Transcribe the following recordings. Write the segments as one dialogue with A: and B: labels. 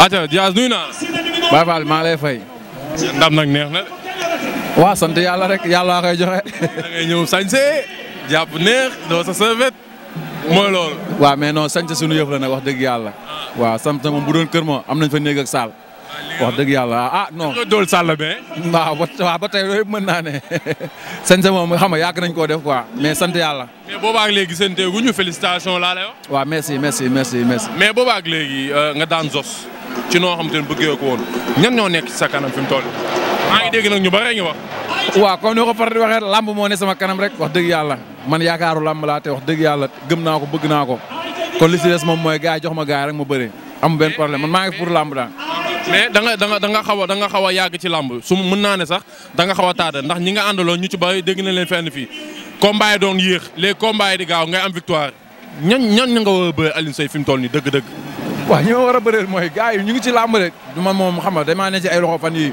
A: ata Diaz nuyu naa la. Baye Fall maa lay fay. ndam nag neex na de. waaw sant yàlla rek yàlla koy joxe. da ngay ñëw sañse jàpp neex doo sa servet
B: mooy loolu. waaw mais non sañse suñu yëf la nag wax dëgg yàlla. Ah. waaw sant moom bu doon kër ma am nañ fa néeg ak saal. wax dëgg yàlla ah non nga dool sàll be. waaw ba waaw ba tey yooyu mën naa ne sañse moom xam nga yàgg nañ koo def quoi
A: mais sant yàlla. mais boobaag léegi seen teeguñu félicitation laa lay wax.
B: waaw merci merci merci merci.
A: mais boobaag léegi euh, nga daan zos. ci noo xam te ne bëggee ko woon ñan ñoo nekk ci sa kanam fi mu toll. maa ngi dégg nag ñu bare ñu wax.
B: waaw comme ko far di waxee làmb moo ne sama kanam rek wax dëgg yàlla man yaakaaru làmb laa te wax dëgg yàlla gëm naa ko bëgg naa ko kon li moom mooy gars yi jox ma gars rek ma bëri am benn problème man maa
A: ngi pour làmb daal. mais da nga da nga xaw a da xaw a yàgg ci làmb su mën naa ne sax da nga xaw a taada ndax ñi nga àndaloon ñu ci bari dégg na leen fenn fii combat yi doon yéex les combats yi di gaaw ngay am victoire ñan ñan nga war a fi mu toll nii dëgg-dëgg waa ñi ma war a bëreel mooy gars
B: yi ñu ngi ci làmb rek du man moom xam nga damaa ne ci ay loxo fan yi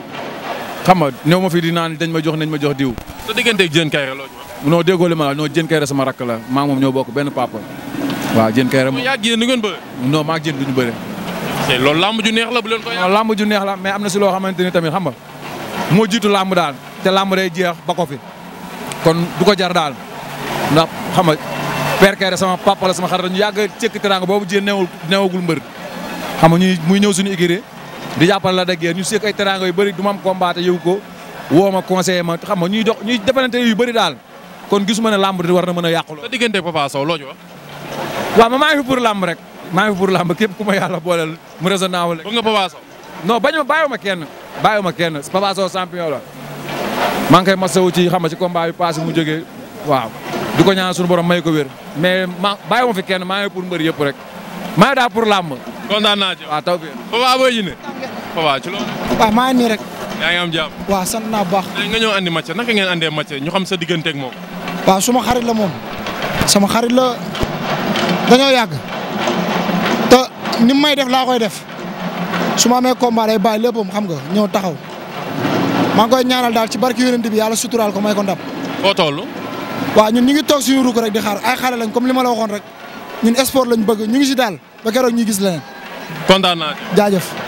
B: xam nga ma fi di naan dañ ma jox nañ ma jox diw. sa digganteeg Diène Kaïré loo ñu non déggoo li ma la non Diène Kaïré sama rakk la maa moom ñoo bokk benn papa waaw Diène Kaïré moom. yaa Diène du ngeen bëre. non maa Diène du ñu bëre. lool loolu làmb ju neex la bu leen ko ju neex la mais am na si loo xamante ni tamit xam nga moo jiitu làmb daal te làmb day jeex ba ko fi kon du ko jar daal ndax xam nga Père Kaïré sama papa la sama xarit ñu yàgg a cëkk teraanga boobu Diène newagul mbër xam nga ñuy muy ñëw suñu écurie di jàppale la de guerre ñu seq ay teraanga yu bëri du ma am combat te yëgu ko woo ma conseiller ma xam nga ñuy dox ñuy defalante yu bëri daal kon gisuma ne làmb di war na mën a yàqu lool. diggante Papa loo ci wax. waaw ma maa ngi fi pour làmb rek maa ngi fi pour làmb képp ku ma yàlla booleel mu raisonnable. bëgg nga Papa Sow. non bañ ma bàyyiwuma kenn bàyyiwuma kenn Papa Sow champion la maa ngi koy masawu ci xam nga ci combat bi passé mu jógee waaw du ko ñaan suñu borom may ko wér mais ma bàyyiwuma fi kenn maa ngi pour mbër yëpp rek maa ngi daal kontaan naa ah, taw bi
A: Papa Boy Djiné. Papa ci maa ngi rek. yaa ngi am jàmm. waaw sant naa bu baax. nga ñëw andi Mathia naka ngeen andee Mathia ñu xam sa diggante ak moom.
C: waaw suma xarit la moom. sama xarit la dañoo yàgg te ni may def laa koy def suma ma amee combat day bàyyi léppam xam nga ñëw taxaw maa ngi koy daal ci barki yonent bi yàlla suturaal ko may ko ndam. foo toll. waaw ñun ñu ngi toog suñu ruuk rek di xaar ay xale lañ comme li ma la waxoon rek ñun sport lañ bëgg ñu ngi si daal ba keroog ñuy gis leneen. kontaan naa
B: jaajëf